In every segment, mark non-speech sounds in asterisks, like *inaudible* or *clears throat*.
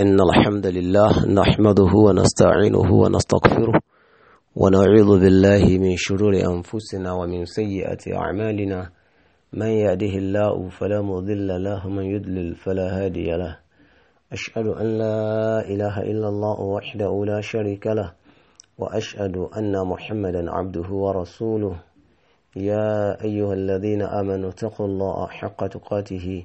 إن الحمد لله نحمده ونستعينه ونستغفره ونعوذ بالله من شرور أنفسنا ومن سيئات أعمالنا من يهده الله فلا مضل له من يضلل فلا هادي له أشهد أن لا إله إلا الله وحده لا شريك له وأشهد أن محمدا عبده ورسوله يا أيها الذين آمنوا اتقوا الله حق تقاته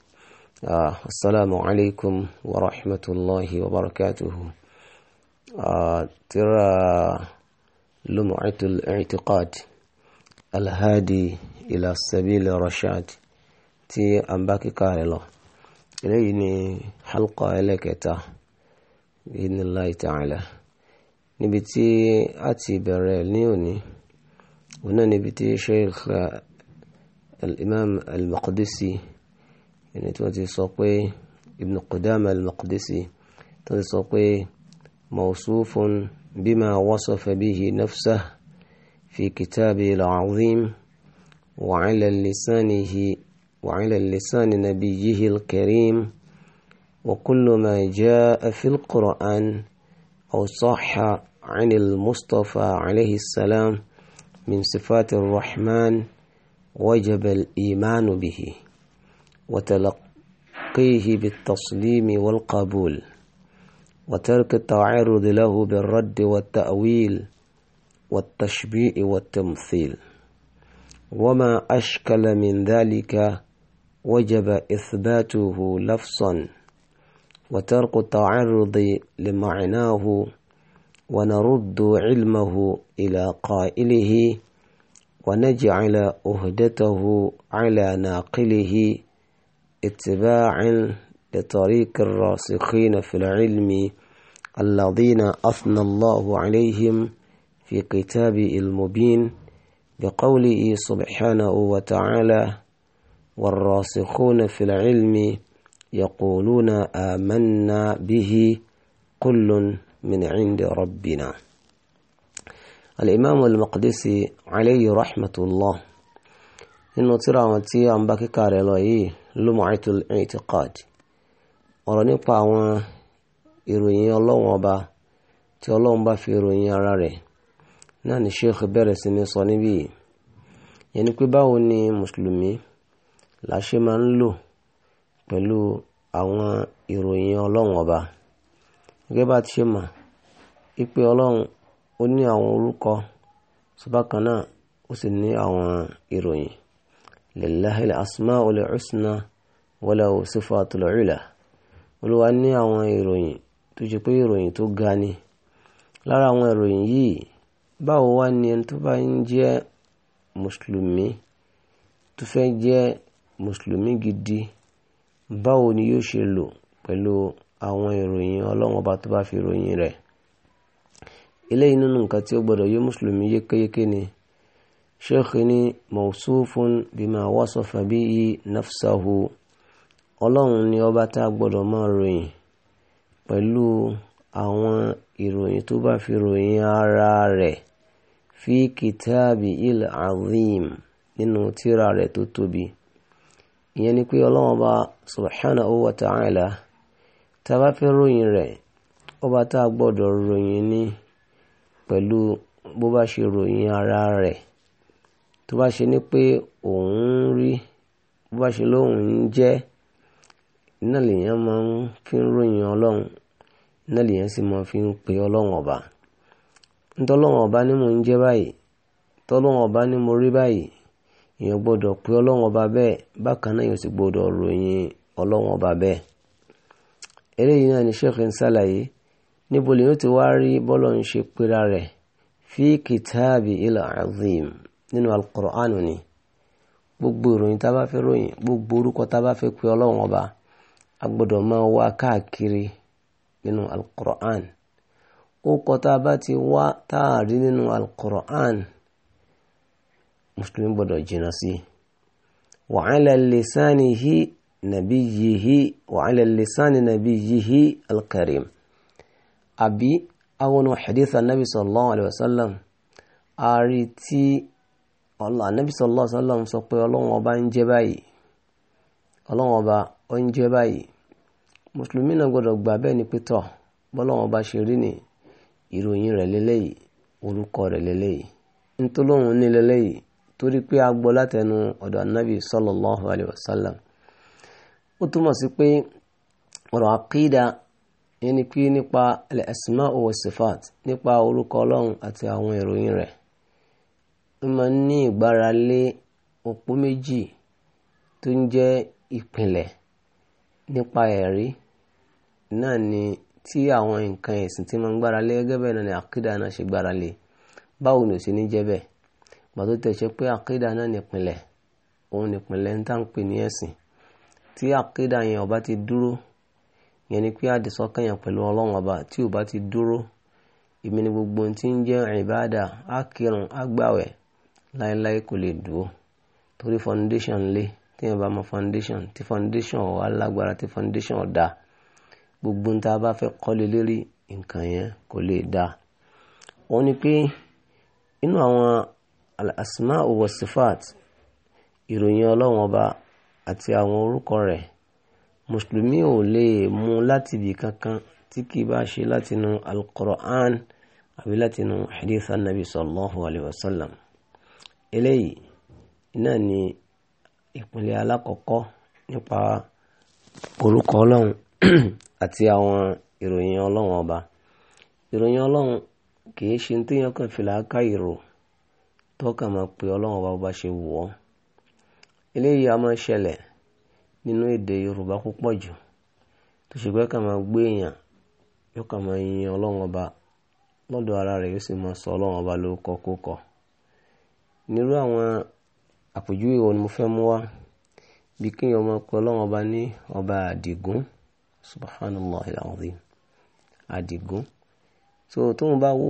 آه، السلام عليكم ورحمة الله وبركاته آه، ترى لمعة الاعتقاد الهادي إلى سبيل الرشاد تي أمباكي كارلو إليني حلقة إليكتا بإذن الله تعالى نبتي أتي بريل نيوني هنا نبتي شيخ الإمام المقدسي ẹni tí wọ́n ti sọ pé Ibn Qudama al-Maqdisi tó ti sọ pé mawsufun bima wasafa bihi nafsa fi kitabihi al-azim wa ala lisanihi wa ala lisani nabiyyihi al-karim وكل ma جاء afil القرآن أو صح عن المصطفى عليه السلام من صفات الرحمن وجب الإيمان bihi. وتلقيه بالتسليم والقبول وترك التعرض له بالرد والتأويل والتشبيء والتمثيل وما أشكل من ذلك وجب إثباته لفظا وترك التعرض لمعناه ونرد علمه إلى قائله ونجعل أهدته على ناقله اتباعا لطريق الراسخين في العلم الذين أثنى الله عليهم في كتابه المبين بقوله سبحانه وتعالى والراسخون في العلم يقولون آمنا به كل من عند ربنا الإمام المقدسي عليه رحمة الله إنه ترى وتي عم بكي Lum'atul I'tiqad ọ̀rọ̀ nípa àwọn ìròyìn ọlọ́run ọba tí ọlọ́run bá fi ròyìn ara rẹ̀ náà ni sheikh bẹ̀rẹ̀ sí ní sọ níbí yìí yẹn ni pé báwo ni mùsùlùmí la ṣe máa ń lò pẹ̀lú àwọn ìròyìn ọlọ́run ọba gẹ́gẹ́ bá ti ṣe mọ̀ ipe ọlọ́run ó ní àwọn orúkọ ṣùgbọ́n náà ó sì ní àwọn ìròyìn lillahi al-asma'ul ولو صفات sifatul ula olúwa ní àwọn ìròyìn tó ṣe pé ìròyìn tó ga ni lára àwọn ìròyìn yìí báwo wá ni ẹni tó bá ń jẹ́ mùsùlùmí tó fẹ́ jẹ́ mùsùlùmí gidi báwo ni yóò ṣe lò pẹ̀lú àwọn ìròyìn ọlọ́run ọba tó bá fi ròyìn rẹ̀ eléyìí nínú nǹkan tí ó gbọ́dọ̀ yé mùsùlùmí yékéyéké ni. sheekhi ni mawsufun bima wasafa bihi nafsahu ọlọ́run ni ọba tá a gbọ́dọ̀ máa ròyìn pẹ̀lú àwọn ìròyìn tó bá fi ròyìn ara rẹ̀ fi kìtàbí il azim nínú tírà rẹ̀ tó tóbi ìyẹn ni pé ọlọ́run ọba subhanahu wa ta'ala tá a bá fi ròyìn rẹ̀ ọba ni pẹ̀lú bó bá ṣe ròyìn tó bá ṣe ní pé òun ń rí bó bá ṣe lóun ń jẹ́ iná lèèyàn máa ń fi ń ròyìn ọlọ́run iná lèèyàn sì máa fi ń pe ọlọ́run ọba ntọ́lọ́run ọba ni mò ń jẹ́ báyìí tọ́lọ́run ọba ni mo rí báyìí èèyàn gbọ́dọ̀ pe ọlọ́run ọba bẹ́ẹ̀ bákan náà èèyàn sì gbọ́dọ̀ ròyìn ọlọ́run ọba bẹ́ẹ̀ eléyìí náà ni sheikh ń ṣàlàyé níbo lèyìn ti wá rí bọ́lọ̀ ń ṣe pera rẹ̀ fi kìtàbí ilà azim nínú alukur'an ni gbogbo ìròyìn tá a bá fẹ́ ròyìn gbogbo orúkọ tá a bá fẹ́ pe ọlọ́run ọba a gbọ́dọ̀ máa wá káàkiri nínú alukur'an orúkọ tá a bá ti wá tá a rí nínú alukur'an mùsùlùmí gbọ́dọ̀ jìnnà sí wa ala lisanihi nabiyihi wa ala lisani nabiyihi alkarim àbí àwọn hadith anabi sallallahu alayhi wa sallam a tí. ọlọ anabi sọlọ alaihi sọ pé ọlọ́run ọba ń jẹ́ báyìí ọlọ́run ọba ó ń jẹ́ báyìí mùsùlùmí náà gbọ́dọ̀ gbà bẹ́ẹ̀ ni pé ọba ṣe rí ni ìròyìn rẹ̀ lélẹ́yìí orúkọ rẹ̀ lélẹ́yìí ntọ́lọ́run ní lélẹ́yìí torí pé a gbọ́ látẹnu ọ̀dọ̀ ànábì wọ́n máa ń ní ìgbára lé òpó méjì tó ń jẹ́ ìpìlẹ̀ nípa ẹ̀rí náà ni tí àwọn nǹkan ẹ̀sìn tí máa ń gbára lé gẹ́gẹ́ bẹ́ẹ̀ náà ni àkídà náà ṣe gbára lé báwo ni ò sí ní jẹ́ bẹ́ẹ̀ gbà tó tẹ̀ ṣe pé àkídà náà nìpìnlẹ̀ òun nìpìnlẹ̀ ń tà ń pè ní ẹ̀sìn tí àkídà yẹn ò ti dúró yẹn ni pé àdìsọ́kàn yẹn pẹ̀lú ọlọ́run ọba tí ò ti dúró èmi gbogbo ohun ń jẹ́ ìbáàdà á kírun láéláé kò lè dúró torí foundation lé téèyàn bá mọ foundation tí foundation ọ̀ alágbára tí foundation ọ̀ dáa gbogbo nta bá fẹ́ kọ́lé lérí nǹkan yẹn kò lè dáa wọ́n ní pé inú àwọn asma wa sifat ìròyìn ọlọ́run ọba àti àwọn orúkọ rẹ̀ mùsùlùmí ò lè mú láti ibì kankan tí kì í bá ṣe látinú al-Qur'an àbí látinú hadith anabi sallallahu alayhi wa sallam eléyìí náà ni ìpínlẹ̀ alákọ̀ọ́kọ́ nípa orúkọ ọlọ́run *clears throat* àti àwọn ìròyìn ọlọ́run ọba ìròyìn ọlọ́run kìí ṣe ní téèyàn kàn fi làákà ìrò tọ́ka máa pe ọlọ́run ọba bá ṣe wù ọ́ eléyìí a máa ṣẹlẹ̀ nínú èdè yorùbá púpọ̀ jù tó ṣe pé ká máa gbé èèyàn yóò kà máa yin ọlọ́run ọba lọ́dọ̀ ara rẹ̀ yóò sì máa sọ ọlọ́run ọba lórúkọ kókọ̀ọ́ nírú àwọn àpèjúwe wo ni mo fẹ́ mú wá bí kí èèyàn máa pe ọlọ́run ọba ní ọba àdìgún subhanallah alazim àdìgún so tóun bá wò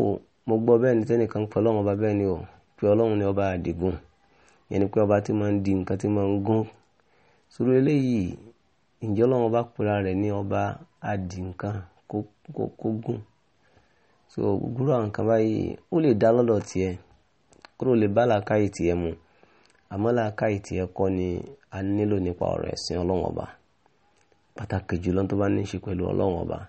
mo gbọ́ bẹ́ẹ̀ ni tẹ́nìkan pe ọlọ́run ọba bẹ́ẹ̀ ni o pe ọlọ́run ní ọba àdìgún yẹn ni pé ọba tí máa ń di nǹkan tí máa ń gún sórí eléyìí ǹjẹ́ ọlọ́run ọba pera rẹ̀ ní ọba adì kó gùn so gbogbo àwọn nǹkan báyìí ó lè dá lọ́dọ̀ tiẹ̀ kúrò lè bá làákàyè tiẹ̀ mu àmọ́ làákàyè tiẹ̀ kọ́ ni a nílò nípa ọ̀rọ̀ ẹ̀sìn ọlọ́wọ́n ọba pàtàkì jùlọ tó bá ní í ṣe pẹ̀lú ọlọ́wọ́n ọba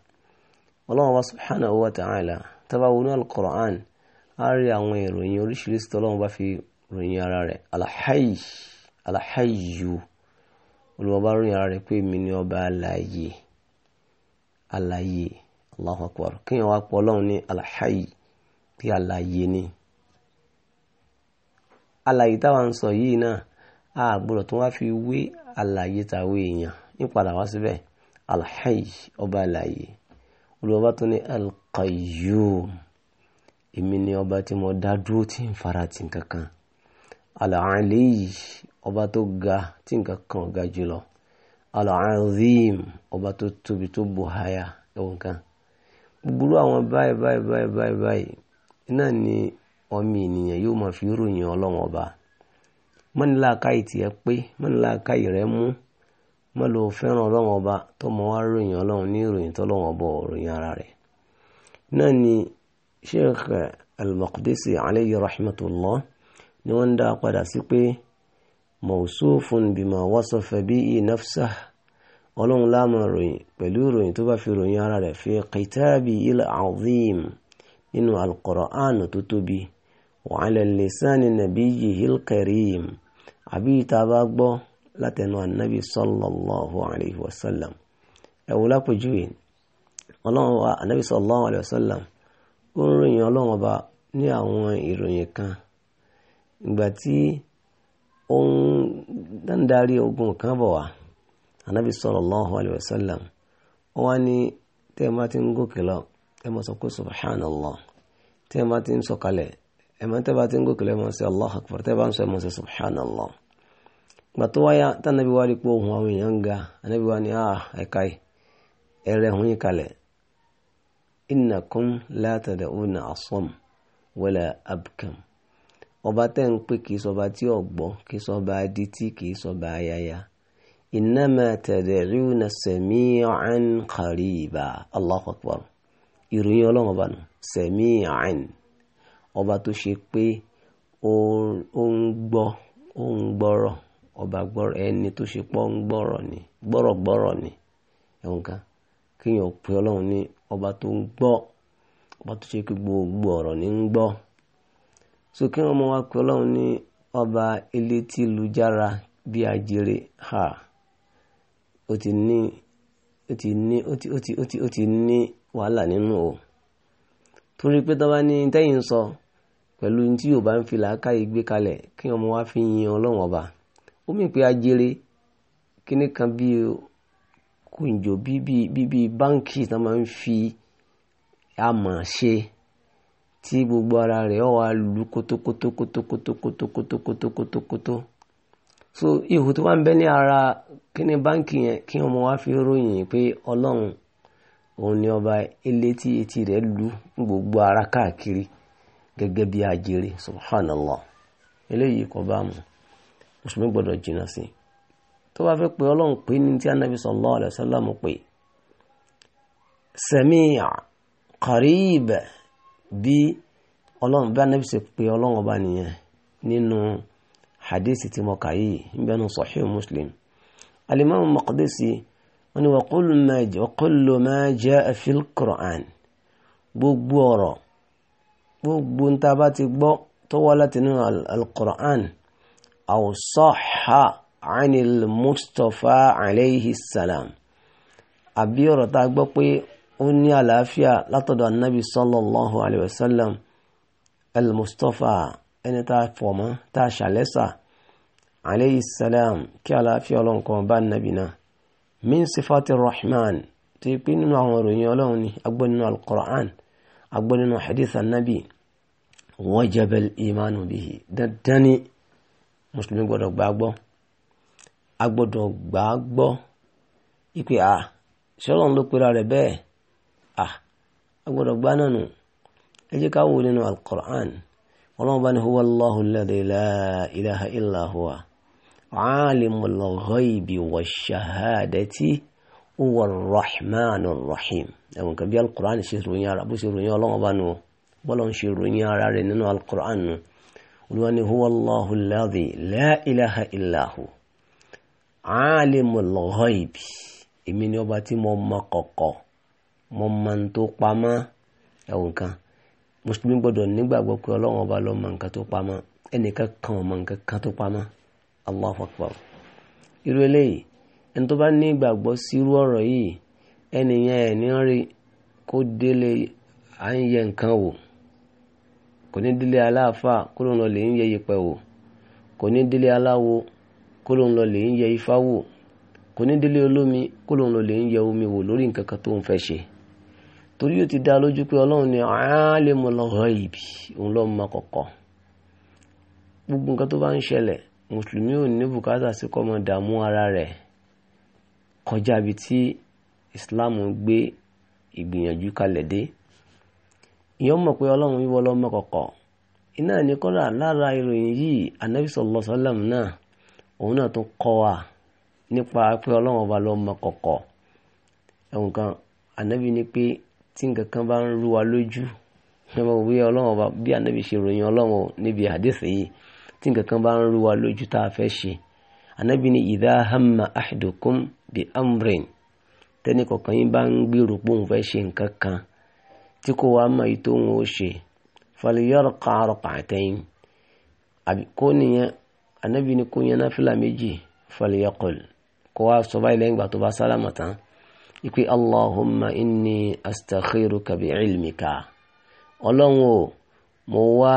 ọlọ́wọ́n ọba subhanahu wa ta'ala tábà wọnú al-Qur'an rí àwọn ìròyìn oríṣiríṣi bá fi ròyìn ara rẹ̀ al-hayy al ròyìn ara rẹ̀ pé èmi ni ọba alaye alààyè Allahu akbar ọlọ́run ní ni. àlàyé táwa ń sọ yìí náà a gbọ́dọ̀ tó wá fi wé àlàyé tàwé èèyàn ní wá síbẹ̀ alhayi ọba àlàyé olùwọ́ba tó ní alqayyum èmi ni ọba tí mo dá dúró tí ń fara ti nǹkan kan alaali ọba tó ga tí nǹkan kan ga jùlọ alaazim ọba tó tóbi tó buhaya ẹwọn kan gbogbo àwọn báyìí báyìí báyìí báyìí náà ni ọmọ ènìyàn yóò máa fi ròyìn ọlọ́run ọba mọ́nilá káyì tiẹ̀ pé mọ́nilá káyì rẹ mú mọ́ ló fẹ́ràn ọlọ́run ọba tó mọ wá ròyìn ọlọ́run ní ìròyìn tọ́lọ́run ọba òròyìn ara rẹ̀ náà ni sheikh al-maqdisi alayhi rahmatullah ni wọ́n ń dá padà sí pé mawsufun bima wasafa bihi nafsah ọlọ́run láàmú ròyìn pẹ̀lú ìròyìn tó bá fi ròyìn ara rẹ̀ fi kìtàbí il azim nínú al-Qur'an tó tóbi وعلى اللسان نبيه الكريم أبي تاباقبو لتنوى النبي صلى الله عليه وسلم أولا بجوين الله النبي صلى الله عليه وسلم orin ọlọ́run ọba ní àwọn ìròyìn kan ìgbà tí òun dáńdarí ogun kan bọ̀ wá anabi sallallahu alayhi wa sallam ó wá ní tẹ́ ẹ máa ti ń gòkè lọ tẹ́ ẹ máa sọ pé subhanallah tẹ́ ẹ máa ti ń sọ̀kalẹ̀ ẹ̀mọ́ tẹ́ bá ti ń gòkè lẹ́mọ́ sí allah akbar tẹ́ bá ń sọ ẹ̀mọ́ sí subhanallah gbà tó wáyà tánàbí wá rí pé ohun àwọn èèyàn ń ga anábí wá ní ẹ̀ka ẹ̀rẹ̀ hun yín kalẹ̀ innakum la tad'una asam wala abkam ọba tẹ́ ń pè kì í sọba tí ọ̀gbọ́ kì í sọba adití kì í sọba ayaya innama tad'una sami'an qariba allahu akbar ìròyìn ọlọ́run ọba nù sami'an ọba tó ṣe pé ó ń gbọ́ ó ń gbọ́rọ̀ ọba gbọ́rọ̀ ẹni tó ṣe pọ́ ń gbọ́rọ̀ ni gbọ́rọ̀gbọ́rọ̀ ni ẹ̀wọ̀n kan kéèyàn ọlọ́run ní ọba tó ń gbọ́ ọba tó ṣe pé gbogbo ọ̀rọ̀ ní ń gbọ́ so kí wọ́n mọ ọlọ́run ní ọba bí ajere ha ó ti ní ó ti pẹ̀lú tí yóò bá ń fi làákàyè gbé kalẹ̀ kí ọmọ wa fi yin ọlọ́wọ́n ọba ó mì pé ajere kíní kan bíi kùnjò bíi báńkì tí wọ́n máa ń fi amọ̀ ṣe tí gbogbo ara rẹ̀ ọ̀ wá lu kótókótókótókótókótókótókótó so ihò tó wá ń bẹ ní ara kíní báńkì yẹn kí ọmọ wa fi ròyìn pé ọlọ́run òun ni ọba elétí etí rẹ̀ lu gbogbo ara káàkiri gẹ́gẹ́ bí ajere subhanallah eléyìí kò bá mu mùsùlùmí gbọ́dọ̀ jìnnà sí tó bá fẹ́ pé ọlọ́run pé ní tí anabi sallallahu alaihi wasallam pé sami'a qarib bí ọlọ́run bí anabi ṣe pé ọlọ́run ọba nìyẹn nínú hadith tí mo kà yìí níbẹ̀ nù sahih muslim alimami maqdisi wọn ni wàkúlù ma jaa fil qur'an gbogbo ọ̀rọ̀ gbogbo ń ta bá ti gbọ́ tó wá láti inú al-Qur'an aw sahha anil Mustafa alayhi salam àbí ọ̀rọ̀ tá a gbọ́ pé ó ní àlàáfíà látọ̀dọ̀ anabi sallallahu alayhi wa sallam al-Mustafa ẹni tá a fọ̀mọ́ tá a ṣàlẹ́sà alayhi salam kí àlàáfíà ọlọ́nkọ́ bá nàbì náà min sifati rahman tó pé nínú àwọn ìròyìn ọlọ́run ni agbọ́ nínú al agbọ́ nínú hadith anabi wajaba al-imanu bihi dandan ni mùsùlùmí gbọ́dọ̀ gbàgbọ́ a gbọ́dọ̀ gbàgbọ́ ipe a sọlọ ń ló pera rẹ̀ bẹ́ẹ̀ a a gbọ́dọ̀ gbá náà nù ẹ jẹ́ ká wò nínú al-Qur'an ọlọ́run bá ní huwa Allahu alladhi la ilaha illa huwa alimul ghaybi wash-shahadati huwa ar rahim ẹ̀wọ̀n kan bí al ṣe ròyìn ara ṣe ròyìn ọlọ́run bá nù bọ́lọ̀ ń ṣe ròyìn ara rẹ̀ nínú al-Qur'an nù olúwa ni huwa Allahu alladhi la ilaha illa hu alimul ghaibi èmi ni ọba tí mo mọ kọ̀kọ̀ mo mọ n tó pamọ́ ẹ̀wọ̀n nǹkan mùsùlùmí gbọ́dọ̀ nígbàgbọ́ pé ọlọ́run ọba ló mọ nǹkan tó pamọ́ ẹnìkan kan ò nǹkan kan tó pamọ́ Allahu akbar irú eléyìí ẹni tó bá ní ìgbàgbọ́ sírú ọ̀rọ̀ yìí ẹnìyẹn ẹ̀ ní rí kó délé à ń yẹ nǹkan wò kò ní délé aláàfáà kó ló ń lọ lè ń yẹ yẹpẹ wò kò ní délé aláwo kó ló ń lọ lè ń yẹ ifá wò kò ní délé olómi kó ló ń lọ lè ń yẹ omi wò lórí nǹkan kan tó ń fẹ́ ṣe torí ó ti dá lójú pé ọlọ́run ni alimul ghaibi òun ló mọ kọ̀kọ̀ gbogbo nǹkan tó bá ń ṣẹlẹ̀ mùsùlùmí ò ní bùkátà sí kó má dààmú ara rẹ̀ kọjá ibi tí islam gbé ìgbìyànjú kalẹ̀ dé ìyẹn mọ̀ pé ọlọ́run wíwọ́ lọ́mọ kọ̀kọ̀ iná ní kọ́lá lára ìròyìn yìí anabi sallallahu alaihi wasallam náà òun náà tún kọ́ wa nípa pé ọlọ́run ọba lọ́mọ kọ̀kọ̀ ẹ̀wọ̀n kan anabi ní pé tí nǹkan kan bá ń rú wa lójú ẹ̀wọ̀n wí ọlọ́run ọba bí anabi ṣe ròyìn ọlọ́run níbi àdéhùn yìí tí nǹkan kan bá ń rú wa lójú tá a fẹ́ ṣe anabi ní idha hamma ahadukum bi amrin tẹ́nìkọ̀ọ̀kan yín bá ń gbèrò pé òun fẹ́ ṣe nǹkan kan tí kò wá mọ̀ èyí tó ń wọ́n ṣe falyarqa rak'atayn àbí kó nìyẹn anábì ni kó yẹn náfìlà méjì falyaqul kó wá sọ báyìí lẹ́yìn ìgbà tó bá sálámà tán ìpè allahumma inni astakhiruka bi ilmika ọlọ́run mo wá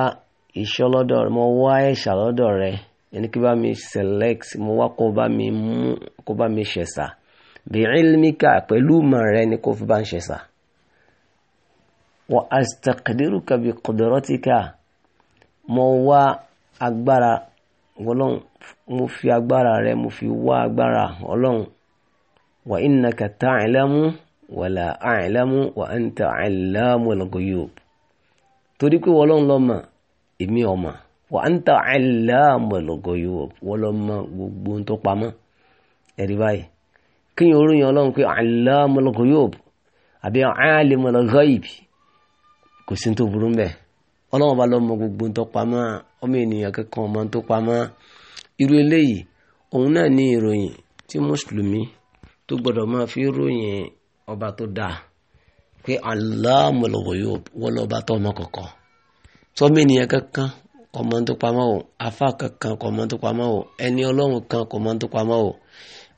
iṣẹ́ lọ́dọ̀ rẹ mo wá ẹ̀ṣà lọ́dọ̀ rẹ ẹni kí bá mi select mo wá kó bá mi mú kó bá mi ṣẹ̀ṣà bi ilmika pẹ̀lú mọ̀ rẹ ni kó fi bá ń ṣẹ̀ṣà wa astaqdiruka bi qudratika mo wá agbára ọlọ́run mo fi agbára rẹ mo fi wá agbára ọlọ́run wa innaka ta'lamu wa la a'lamu wa anta 'allamul ghuyub torí pé ọlọ́run ló mọ̀ èmi ò mọ̀ wa anta 'allamul ghuyub wọ́n ló mọ̀ gbogbo tó pamọ́ ẹ̀rí báyìí kíyàn oríyàn ọlọ́run pé 'allamul ghuyub àbí 'alimul ghaib kò sí tó burú mbẹ ọlọ́wọ́n bá lọ́mọ gbogbo tó pamọ́ ọmọ ènìyàn kankan ọmọ tó pamọ́ irú eléyìí òun náà ní ìròyìn tí mùsùlùmí tó gbọdọ̀ máa fi ròyìn ọba tó dáa pé Allahul Ghuyub wọ́n lọ́ba tó ọmọ kọ̀ọ̀kan sọmọ ènìyàn kankan ọmọ tó pamọ́ o afa kankan ọmọ tó pamọ́ o ẹni ọlọ́run kan ọmọ tó pamọ́ o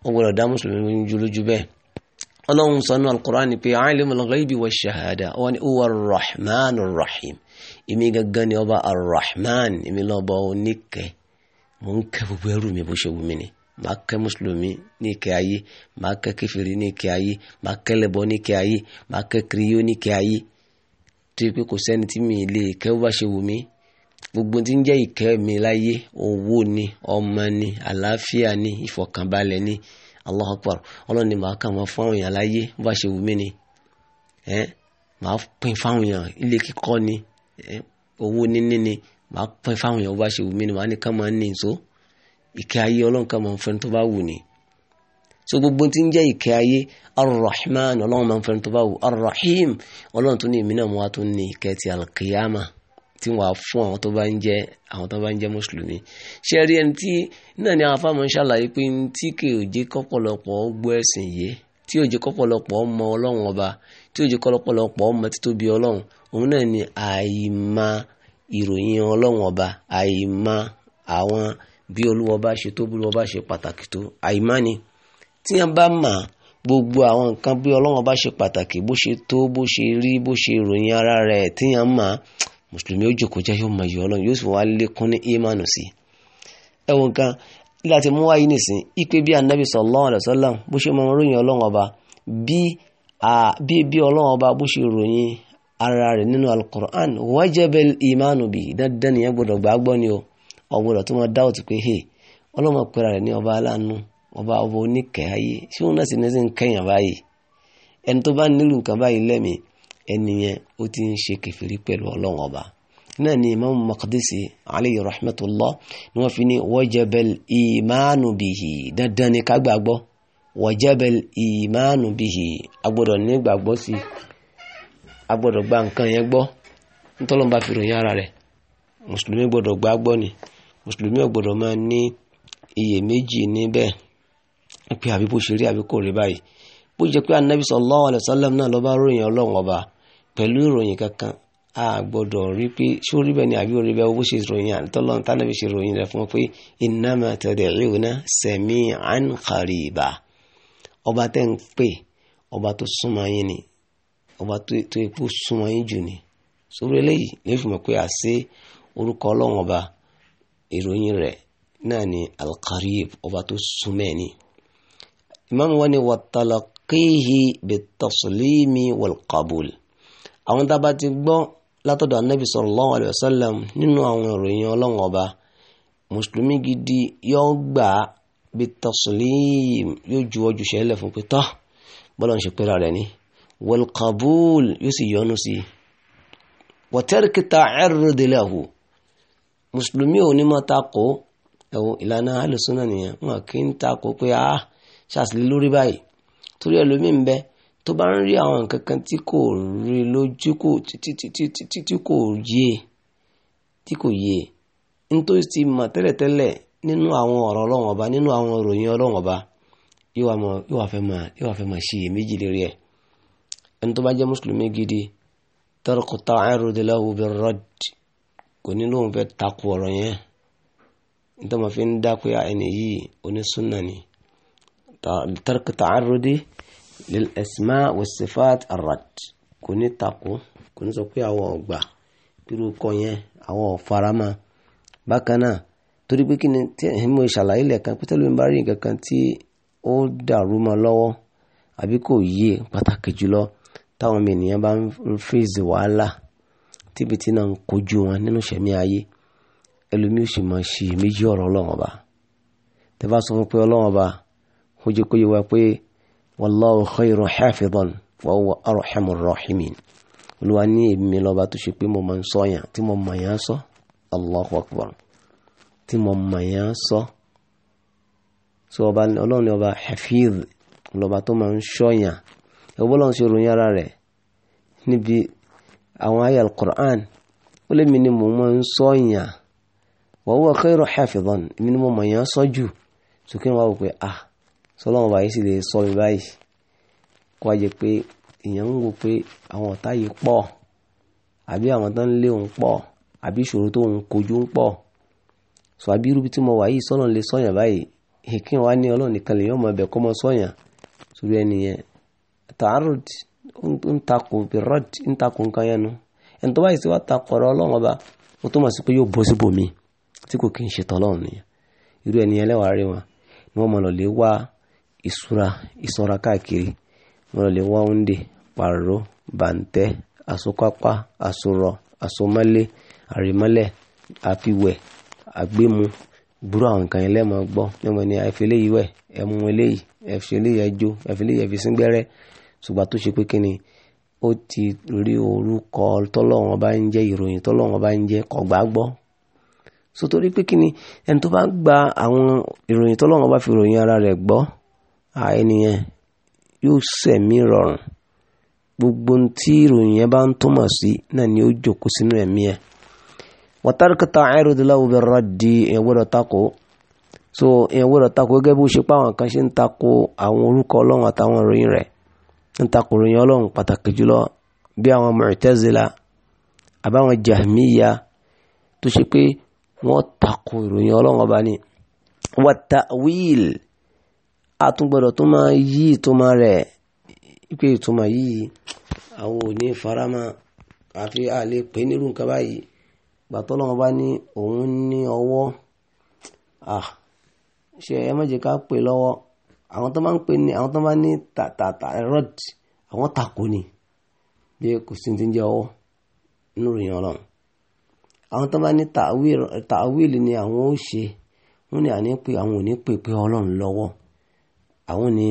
wọ́n gbọdọ̀ dá mùsùlùmí lójú lójú bẹ́ẹ̀ ọlọ́run sọ nínú alukur'an pé alimul ghaibi wa shahada wọn ni uwa rahman rahim èmi gangan ni ọba arrahman èmi lọ́ba oníkẹ́ mo ń kẹ́ gbogbo ẹrú mi bó ṣe wù mí ni màá kẹ́ mùsùlùmí ní ìkẹ́ ayé màá kẹ́ kẹfìrí ní ìkẹ́ ayé màá kẹ́ lẹ́bọ ní ìkẹ́ ayé màá kẹ́ kiriyó ní ìkẹ́ ayé tó yẹ pé kò sẹ́ni tí mi lè kẹ́ bó bá ṣe wù mí gbogbo tí ń jẹ́ ìkẹ́ mi láyé owó ni ọmọ ni àlàáfíà ni ìfọ̀kànbalẹ̀ ni. Allahu Akbar ọlọ́run ni màá kà máa fún àwọn èèyàn láyé bá ṣe wù mí ni ẹ màá pín fáwọn èèyàn ilé kíkọ́ ni owó níní ni màá pín fáwọn èèyàn bá ṣe wù mí ni màá ní ká máa ní ìṣó ìkẹ́ ayé ọlọ́run ká máa ń fẹ́ni tó bá wù ni so gbogbo tí ń jẹ́ ìkẹ́ ayé ar ọlọ́run máa ń fẹ́ni tó bá wù ar ọlọ́run tó ní ìmínà mọ́ wa tó ní ìkẹ́ ti al tí wàá fún àwọn tó bá ń jẹ àwọn tó bá ń jẹ mùsùlùmí ṣe rí ẹni tí náà ni àwọn afáàmù ń ṣàlàyé pé tí kì í jẹ kọpọlọpọ gbọ́ ẹ̀sìn yìí tí ò jẹ kọpọlọpọ mọ Ọlọ́run ọba tí ò jẹ kọpọlọpọ mọ títóbi Ọlọ́run òun náà ni àìmọ̀ ìròyìn Ọlọ́run ọba àìmọ̀ àwọn bí Olúwa bá ṣe tó bí Olúwa ṣe pàtàkì tó àìmọ̀ ni tí wọn bá mọ gbogbo àwọn nǹkan bí Ọlọ́run ọba ṣe pàtàkì bó ṣe tó bó ṣe rí bó ṣe ròyìn ara rẹ̀ tíyàn máa mùsùlùmí ó jòkó jẹ́ yóò mọ iyọ̀ ọlọ́run yóò sì wá lékún ní ìmánu sí i ẹ wo nǹkan láti mú wáyé nìsín ipe bí anabi sallallahu alaihi bó ṣe mọ ròyìn ọlọ́run ọba bí ọba bó ṣe ròyìn ara rẹ̀ nínú alukur'an wajabal ìmánu bì dandan nìyẹn gbọdọ̀ ni o ọ̀gbọdọ̀ tó máa dáwọ̀tì pé hey ọlọ́run ọ̀pẹ̀rẹ̀ rẹ̀ ní ọba aláàánú ọba ọba oníkẹ́ ayé ṣé òun náà sì ní sí báyìí ẹni tó bá nílùú nǹkan báyìí lẹ́mìí ẹnìyẹn ó ti ń ṣe kẹfìrí pẹ̀lú ọlọ́run ọba náà ni imaamu makadisi alayhi rahmatullah ni wọ́n fi ní wajabal imaanu bihi dandan ni ká gbàgbọ́ wajabal imaanu bihi agbọ́dọ̀ ní gbàgbọ́ si i agbọ́dọ̀ gba nǹkan yẹn gbọ́ nítorí bá fi ròyìn ara rẹ̀ mùsùlùmí gbọ́dọ̀ gba gbọ́ ni mùsùlùmí gbọ́dọ̀ ma ní iye meji pé àbí bó ṣe rí àbí kò rí báyìí bó jẹ́ pé anabi sallallahu alayhi wa sallam náà ló bá ròyìn ọlọ́run pẹ̀lú ìròyìn kankan a gbọ́dọ̀ rí pé ṣé orí bẹ́ẹ̀ ni àbí orí bẹ́ẹ̀ owó ṣe ròyìn àtọ́lọ́ tánàbí ṣe ròyìn rẹ̀ fún wọn pé innama tad'una sami'an qariba ọba tẹ́ ń pè ọba tó súnmọ́ yín ni ọba tó epo súnmọ́ yín jù ni sórí eléyìí lè fi mọ̀ pé àṣé orúkọ ọlọ́run ọba ìròyìn rẹ̀ náà ni alqarib ọba tó súnmọ́ ẹ̀ ni ìmáàmù wa ni wa talaqqihi bit àwọn tá a bá ti gbọ́ látọ̀dọ̀ anabi sallallahu alayhi wa sallam nínú àwọn ìròyìn ọlọ́run ọba mùsùlùmí gidi yóò gbà bí taslim yóò ju ọjọ́ ṣẹlẹ̀ fún pé tọ́ bọ́lá ń ṣe pẹ́ra rẹ̀ ni wal qabul yóò sì yọnu sí i wa tarki ta'arrud lahu mùsùlùmí ò ní máa takò ẹ̀wọ̀n ìlànà alùsùnà nìyẹn wọn kì í takò pé a ah, ṣàṣìlélórí báyìí torí ẹlòmíín bẹ́ẹ̀ tó bá ń rí àwọn nǹkan kan tí kò rí lójú kò títí títí títí tí kò yé tí kò yé nítorí ti mọ̀ tẹ́lẹ̀tẹ́lẹ̀ nínú àwọn ọ̀rọ̀ ọlọ́wọ́n ọba nínú àwọn ìròyìn ọlọ́wọ́n ọba yóò wá fẹ́ máa yóò wá fẹ́ máa ṣe èméjì lérí ẹ̀ ẹni tó bá jẹ́ mùsùlùmí gidi tẹ́rọkùtà àìròdìláwò bẹ̀rẹ̀ rọ́d kò ní lóun fẹ́ takò ọ̀rọ̀ yẹn nítorí wọn fi ń dákúyà ẹni yìí onísùnnà ni tẹ́rọkùtà àìròdìláwò للأسماء والصفات الرد kò ní takò kò ní sọ pé àwọn ọ̀gbà irú kọ yẹn àwọn ọ̀farama bákan náà torí pé kí ni tí ẹ̀hìn mo ṣàlàyé lẹ́ẹ̀kan pé tẹ́lómi bá rí nǹkan kan tí ó dàrú mọ́ lọ́wọ́ àbí kò yé pàtàkì jùlọ táwọn ọmọ ènìyàn bá ń fèsì wàhálà tíbi tí náà ń kojú wọn nínú ìṣẹ̀mí ayé ẹlòmíì ò sì mọ̀ ṣiyèméjì ọ̀rọ̀ ọlọ́wọ́n ọba tẹ́ bá sọ fún pé ọlọ́wọ́n ọba ó jẹ́ kó yé wa pé wallahu khayru hafizan wa huwa arhamur rahimin olúwa ní èmi lọ́ba tó ṣe pé mo máa ń sọ yàn tí mo mọ̀ yàn sọ allahu akbar tí mo mọ̀ yàn sọ so ọba ọlọ́run ni ọba hafiz lọ́ba tó máa ń sọ yàn ẹ̀wọ́n lọ́run ṣe ròyìn ara rẹ̀ níbi àwọn ayé al-Qur'an ni mo máa ń sọ yàn wa huwa khayru èmi ni mo mọ̀ yàn sọ jù sókè wọn wò pé ah sọlọ́wọ́n báyìí sì lè sọ mi báyìí kó wá jẹ pé èèyàn ń wò pé àwọn ọ̀tá yìí pọ̀ àbí àwọn tó ń lé òun pọ̀ àbí ìṣòro tó ń kojú ń pọ̀ sọ àbí irúbi tí mo wà yìí sọ́nà lè sọ́yàn báyìí ìkíyàn wá ní ọlọ́run nìkan lè yọ̀ mọ̀ ẹ̀bẹ̀ kọ́ mọ́ sọ́yàn sórí ẹni yẹn tààrọ̀d ń takò bìrọ̀d ń takò nǹkan yẹn nu ẹni tó báyìí sí wá takò ọ̀rọ̀ ọlọ́run ọba mo tó mọ̀ sí pé yóò bọ́ síbò tí kò kí ń ṣe tọ́lọ́run nìyẹn irú ẹni yẹn lẹ́wàá rí wọn ni wọ́n mọ̀ lọ́ọ́ lè wá ìṣúra ìsanra káàkiri wọ́n lè wá òǹdè pààrọ̀ bàǹtẹ́ àsopápá àsorọ̀ àsomọ́lé àrèmọ́lẹ̀ àfiwẹ̀ àgbému burú àwọn nǹkan yẹn lẹ́mọ̀ gbọ́ lẹ́mọ̀ ni ẹ fi eléyìí wẹ̀ ẹ mú eléyìí ẹ fi eléyìí ẹjọ́ ẹ fi eléyìí ẹ fi síngbẹ́rẹ́ ṣùgbọ́n tó ṣe pé kí ni ó ti rí orúkọ tọ́lọ́wọ́n bá ń jẹ́ ìròyìn tọ́lọ́wọ́n bá ń jẹ́ kọ̀gbá gbọ́ sotori pé kí ni ẹni tó bá gba àwọn ìròyìn tọ́lọ́wọ́n bá fi ròyìn ara rẹ̀ gbọ́ yẹn yóò sẹ̀mí rọrùn gbogbo tí ìròyìn yẹn bá ń túmọ̀ sí náà ni ó jòkó sínú ẹ̀mí ẹ̀ wọ́tárìkítà àìròdìláwò bẹ̀rẹ̀ rádìí èèyàn gbọ́dọ̀ tako so èèyàn gbọ́dọ̀ takò gẹ́gẹ́ bó ṣe páwọn kan ṣe ń àwọn orúkọ ọlọ́run àtàwọn ìròyìn rẹ̀ ń ìròyìn ọlọ́run pàtàkì jùlọ bí àwọn àbáwọn tó ṣe pé wọ́n ìròyìn ọlọ́run ọba ni wàtàwíìlì a tún gbọ́dọ̀ tó máa yí ìtumọ̀ rẹ̀ pé ìtumọ̀ yìí àwọn ò ní farama àfi a lè pè nírú nǹkan báyìí gbàtọ́ lọ́wọ́ bá ní òun ní ọwọ́ ṣe ẹ má jẹ́ ká pè lọ́wọ́ àwọn tó máa ń pè ní àwọn tó máa ní tàtàtà rod àwọn tako ni bí kò sí ti ń jẹ ọwọ́ nínú ìròyìn ọlọ́run àwọn tó máa ní tàwíìlì ni àwọn ó ṣe wọ́n ní àní pé àwọn ò ní pè pé ọlọ́run lọ́wọ́ àwọn ni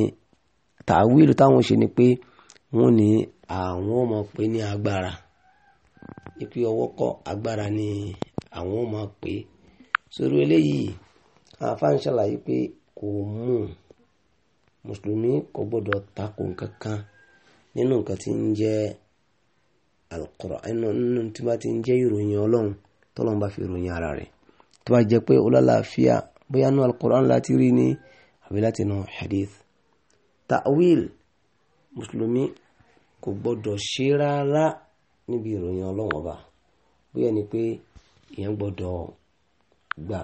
tàwílù táwọn ṣe ni pé wọ́n ní àwọn ò mọ̀ pé ní agbára ní pé ọwọ́ kọ́ agbára ni àwọn ò mọ̀ pé sórí eléyìí àáfàá ń ṣàlàyé pé kò mú un mùsùlùmí kò gbọ́dọ̀ takò nǹkan kan nínú nǹkan tí ń jẹ́ alukọ̀rọ̀ nínú tí wọ́n ti ń jẹ́ ìròyìn ọlọ́run tọ́lọ́run fi ròyìn ara rẹ̀ tó bá jẹ́ pé ó lálàáfíà bóyá nínú alukọ̀rọ̀ láti rí ni àbí láti inú hadith ta'wil mùsùlùmí kò gbọdọ̀ ṣe rárá níbi ìròyìn ọlọ́wọ́n ọba bóyá ni pé ìyẹn gbọdọ̀ gbà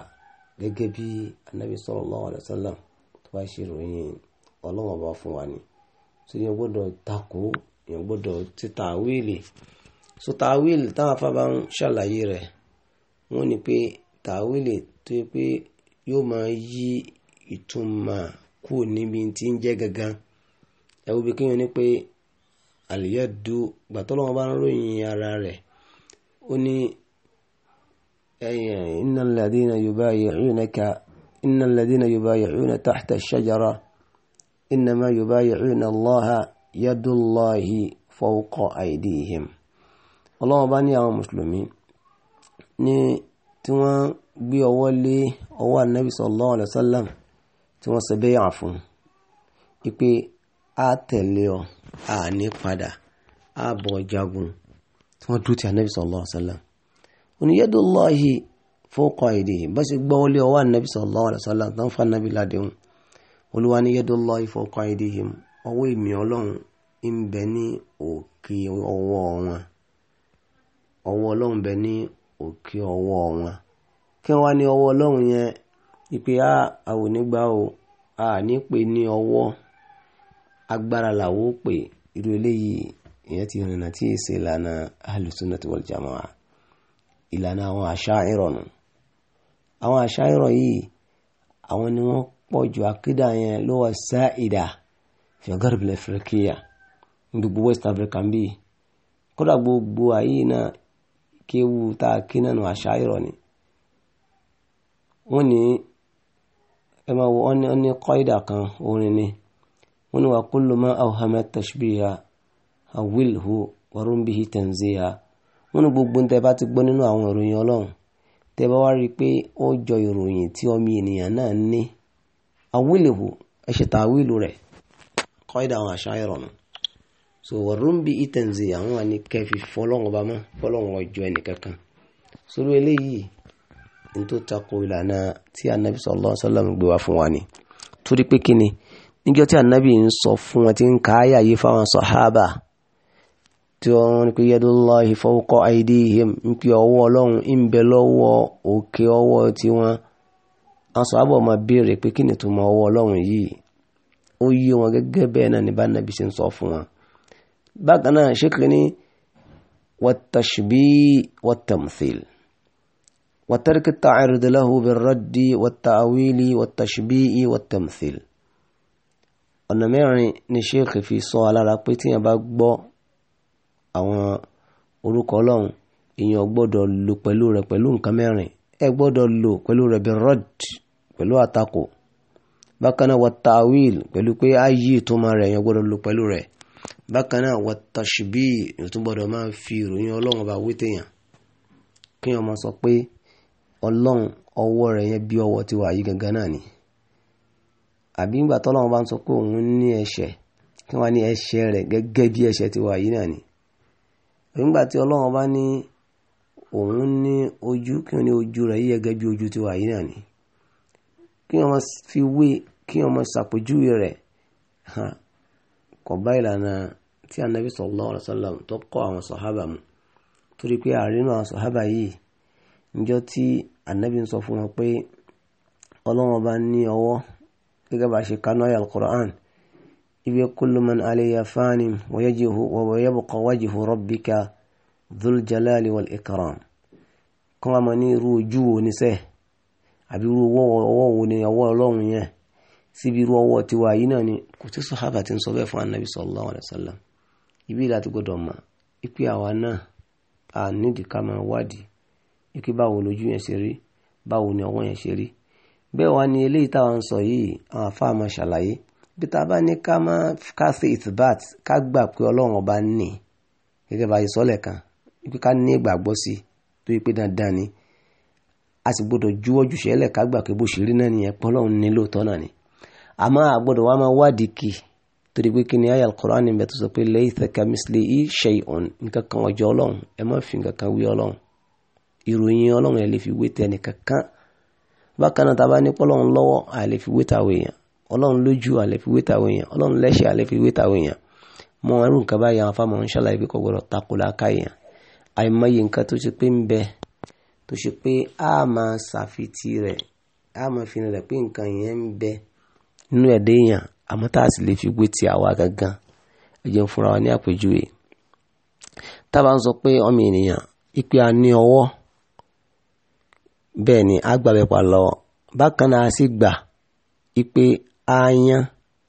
gẹ́gẹ́ bí anabi sallallahu alaihi wasallam tó bá ṣe ìròyìn ọlọ́wọ́n ọba fún wa ni so ìyẹn gbọdọ̀ takò ìyẹn gbọdọ̀ ti ta'wili so ta'wil táwọn afá ń ṣàlàyé rẹ̀ wọ́n ní pé ta'wili tó yẹ pé yóò máa yí ìtumọ̀ kú níbi tí ń jẹ́ gangan ẹ wo bí kéèyàn ní pé àlìyádu gbàtọ́lọ́wọ́ bá ń ròyìn ara rẹ̀ ó ní innal ladhina yubayi'unaka innal ladhina yubayi'una tahta ash-shajara innama yubayi'una Allaha yadullahi ọlọ́wọ́ bá ní àwọn mùsùlùmí ní tí wọ́n gbé ọwọ́ lé ọwọ́ ànábì sallallahu alaihi tí wọ́n ṣe bẹ́yà fún wípé a tẹ̀lé ọ a ní padà a bọ̀ jagun tí wọ́n dúró ti ànábì sallallahu alaihi wasallam lọ́ọ̀hì fọ́kọ̀ èdè bá ṣe gbọ́ wọlé ọwọ́ ànábì sallallahu alaihi ládéhùn olúwa fọ́kọ̀ èdè ọwọ́ èmi ọlọ́run ń bẹ ní òkè ọwọ́ wọn ọwọ́ ọlọ́run bẹ ní òkè ọwọ́ wọn kí wọ́n ní ọwọ́ ọlọ́run yẹn ìpè a àwọn onígbà o a ní pè ní ọwọ́ agbára làwọn ó pè irú eléyìí ìyẹn ti rìnnà tí èsì ìlànà ahlùsúnnàtì wal jamaa ìlànà àwọn àṣàírọ̀ nù àwọn àṣàírọ̀ yìí àwọn ni wọ́n pọ̀ ju akídà yẹn ló wà sáìdà fi gharb gbogbo west africa ń bí kódà gbogbo ayé náà kéwu tá a kí náà nù àṣàírọ̀ wọ́n ní ẹ máa wọ ọ ní kọ́ìdà kan orin ni wọ́n ní wa kullu ma awhama tashbiha awilhu warumbihi tanziha wọ́n ní gbogbo ń tẹ́ bá ti gbọ́ nínú àwọn ìròyìn ọlọ́run tẹ́ bá wá rí i pé ó jọ ìròyìn tí ọmọ ènìyàn náà ní awilhu ẹ ṣe ta awilu rẹ̀ kọ́ìdà àwọn àṣà ìrọ̀nù so warumbihi tanziha àwọn àni kẹfì fọlọ́wọ́n ọba mọ́ fọlọ́wọ́n ọjọ́ ẹnìkankan sórí eléyìí nítorí tako ìlànà tí anabi sallallahu alaihi wasallam gbé wá fún wa ni torí pé kíni níjọ́ tí anabi ń sọ fún wọn tí ń ka ayé àyè fáwọn sọhábà tí wọ́n ní pé ń pè ọwọ́ ọlọ́run ń bẹ lọ́wọ́ òkè ọwọ́ tiwọn àwọn sọhábà máa béèrè pé kíni tó mọ ọwọ́ ọlọ́run yìí ó yé wọn gẹ́gẹ́ bẹ́ẹ̀ náà ní ṣe ń sọ fún wọn bákan náà وترك التعرض له بالرد والتأويل والتشبيه والتمثيل ọ̀nà mẹ́rin ni sheikh fi sọ alára pé tíyẹn bá gbọ́ àwọn orúkọ ọlọ́run èèyàn gbọ́dọ̀ lò pẹ̀lú rẹ̀ pẹ̀lú nǹkan mẹ́rin ẹ gbọ́dọ̀ lò pẹ̀lú rẹ̀ bí rod pẹ̀lú àtakò bákan náà wàtàwíl pẹ̀lú pé ayé ìtumọ̀ rẹ̀ èèyàn gbọ́dọ̀ lò pẹ̀lú rẹ̀ bákan náà wàtàṣbí èèyàn tún gbọ́dọ̀ máa fi ìròyìn ọlọ́run bá wí téèyàn kí wọ́n máa sọ pé ọlọ́run ọwọ́ rẹ̀ yẹn bí ọwọ́ wà yìí gangan náà ni àbí ńgbà tọ́lọ́run bá ń sọ pé òun ní ẹ̀ṣẹ̀ kí wọ́n ní ẹ̀ṣẹ̀ rẹ̀ gẹ́gẹ́ bí ẹ̀ṣẹ̀ náà ni tí ọlọ́run bá ní òun ní ojú kí wọ́n ní ojú rẹ̀ yìí gẹ́gẹ́ bí ojú wà yìí náà ni kí wọ́n fi wé kí wọ́n ṣàpèjúwe rẹ̀ ìlànà tí anabi tó kọ́ àwọn sọ̀hábà mu torí pé àárín àwọn níjọ́ tí anabi ń sọ fún wọn pé ọlọ́run ọba ní ọwọ́ gẹ́gẹ́ bá a ṣe kánú ayé alukur'an ibi kullu man alayya fanin wa yabqa wajhu rabbika dhul jalali wal ikram kọ́ wa mọ̀ ní irú ojú wo ni sẹ́ àbí irú ọwọ́ wo ni ọwọ́ ọlọ́run yẹn síbi irú ọwọ́ tiwa yìí náà ni kò tí sàhábà ti ń sọ bẹ́ẹ̀ fún anabi sallallahu wa sallam ibi láti gbọ́dọ̀ mọ̀ ipe àwa náà a nídìí ká máa wádìí ike báwo lójú yẹn ṣe rí báwo ni ọwọ́ yẹn ṣe rí bẹ́ẹ̀ wá ní eléyìí táwọn ń sọ yìí àwọn àfáà máa ṣàlàyé bí tá a bá ní ká máa ká ṣe ìtìbát ká gbà pé ọlọ́run ọba ní gẹ́gẹ́ bá a lẹ́ẹ̀kan pé ká ní ìgbàgbọ́ sí tó yẹ pé dandan ni a sì gbọ́dọ̀ juwọ́ jù sẹ́lẹ̀ ká gbà pé bó ṣe rí náà nìyẹn pé ọlọ́run ní lóòótọ́ náà ni àmọ́ a gbọ́dọ̀ wá máa wádìí kì torí pé kí ni ayé al-Qur'an bẹ̀ tó sọ pé laysa kamislihi shay'un nǹkan kan ọjọ́ ọlọ́run ẹ má fi nǹkan kan wí ọlọ́run ìròyìn ọlọ́run ẹ̀ lè fi wé tẹnì kankan bákan náà tàbá nípa ọlọ́run lọ́wọ́ à lè fi wé tàwọn èèyàn ọlọ́run lójú à lè fi wé tàwọn èèyàn ọlọ́run lẹ́sẹ̀ à lè fi wé tàwọn èèyàn mọ irú nǹkan báyìí àwọn afáàmọ̀ ń ṣàlàyé pé kò gbọdọ̀ takò láka èèyàn àìmọye nǹkan tó ṣe pé ń bẹ tó ṣe pé a máa ṣàfitì rẹ̀ a máa fi rẹ̀ pé nǹkan yẹn ń bẹ nínú ẹ̀dẹ́ èèyàn àmọ́ tá a sì lè fi wé ti àwa gangan ẹ jẹun fúnra wa ní àpèjúwe tá ń sọ pé ọmọ ènìyàn ipe a ní ọwọ́ bẹ́ẹ̀ ni a gbàbẹ̀ pa lọ bákan náà sì gbà ipe anyan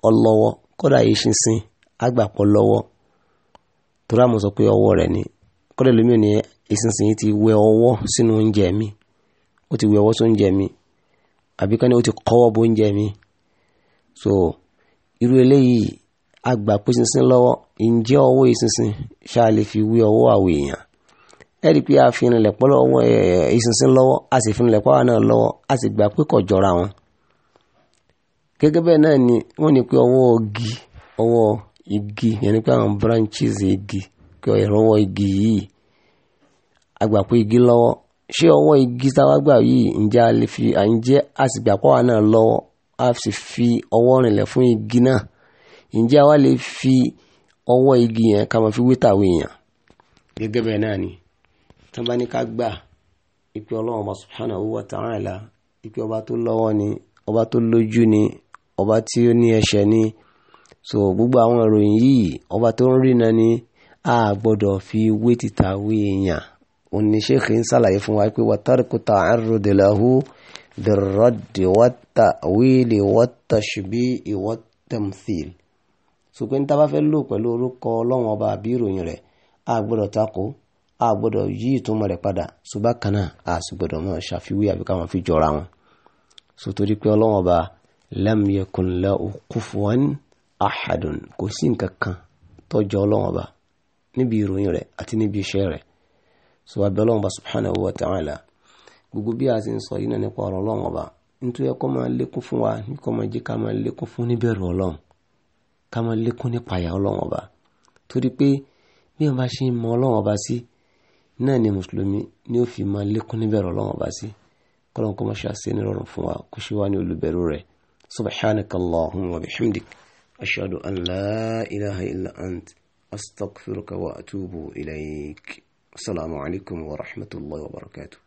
ọlọ́wọ́ kódà yìí ṣinṣin a gbà lọ́wọ́ torí àmọ́ sọ pé ọwọ́ ni kódà lómi ò ní ti wẹ ọwọ́ sínú oúnjẹ mi ó ti wẹ ọwọ́ sínú oúnjẹ mi àbí kan ti kọ́wọ́ bó oúnjẹ mi so irú eléyìí a gbà pé ṣinṣin lọ́wọ́ ǹjẹ́ ọwọ́ ṣáà lè fi wé ọwọ́ àwọn èèyàn ẹ̀rí pé a fi ìrìnlẹ̀ pọ́ lọ́wọ́ ìsinsin lọ́wọ́ a sì fi ìrìnlẹ̀ pọ́ àwọn náà lọ́wọ́ a sì gbà pé kò jọra wọn. gẹ́gẹ́ bẹ́ẹ̀ náà ni wọ́n ní pé ọwọ́ igi ọwọ́ igi yẹn pé àwọn branches igi pé ọ̀rọ̀wọ́ igi yìí a gbà pé igi lọ́wọ́ ṣé ọwọ́ igi táwa gbà yìí ǹjẹ́ a lè fi à ń jẹ́ a sì gbà pọ́ àwọn náà lọ́wọ́ a sì fi ọwọ́ rìnlẹ̀ fún igi náà ǹjẹ́ àwa lè fi ọwọ́ igi yẹn ká máa fi wé tàwé yẹn gẹ́gẹ́ bẹ́ẹ̀ náà ni tán bá ní ká gbà ipe ọlọ́run ọba subhanahu wa ta'ala ipe ọba tó lọ́wọ́ ni ọba tó lójú ni ọba tí ó ní ẹsẹ̀ ni so gbogbo àwọn ìròyìn yìí ọba tó ń rìnà ni a gbọ́dọ̀ fi wé títà wé èèyàn òun ni sheikh ń fún wa pé wà tárìkútà àròdìláhù wọ́tà wíìlì wọ́tà ṣubí ìwọ́tàmfìl so tá a bá fẹ́ lò pẹ̀lú orúkọ ọlọ́run ọba àbí ìròyìn rẹ̀ a gbọ́dọ̀ takò a gbọ́dọ̀ yí ìtumọ̀ rẹ̀ padà ṣùgbọ́n kan náà a sì gbọ́dọ̀ mọ̀ ṣàfiwé àbí káwọn fi jọra wọn. so torí pé ọlọ́wọ́n ọba lam yakun lahu kufuwan ahadun kò sí nǹkan kan tó jọ ọlọ́wọ́n ọba níbi ìròyìn rẹ̀ àti níbi iṣẹ́ rẹ̀ so abẹ́ ọlọ́wọ́n ọba subhanahu wa ta'ala gbogbo bí a ti ń sọ yìí náà nípa ọ̀rọ̀ ọlọ́wọ́n ọba nítorí ẹ̀kọ́ máa lékún fún wa kọ́ máa jẹ́ ká máa lékún fún níbẹ̀rù ọlọ́run ká máa lékún nípa àyà ọlọ́run ọba torí pé bí wọ́n bá ṣe ń mọ ọlọ́run ọba sí náà ni mùsùlùmí ni ó fi máa lékún níbẹ̀rù Ọlọ́run Ọba sí kọ́lọ́n kó má ṣe àṣẹ nírọ̀rùn fún wa kó ṣe wá ní olùbẹ̀rù rẹ̀ subhanaka allahumma wa bihamdik ashhadu an la ilaha illa ant astaghfiruka wa atubu ilayk assalamu alaikum wa rahmatullahi wa barakatuh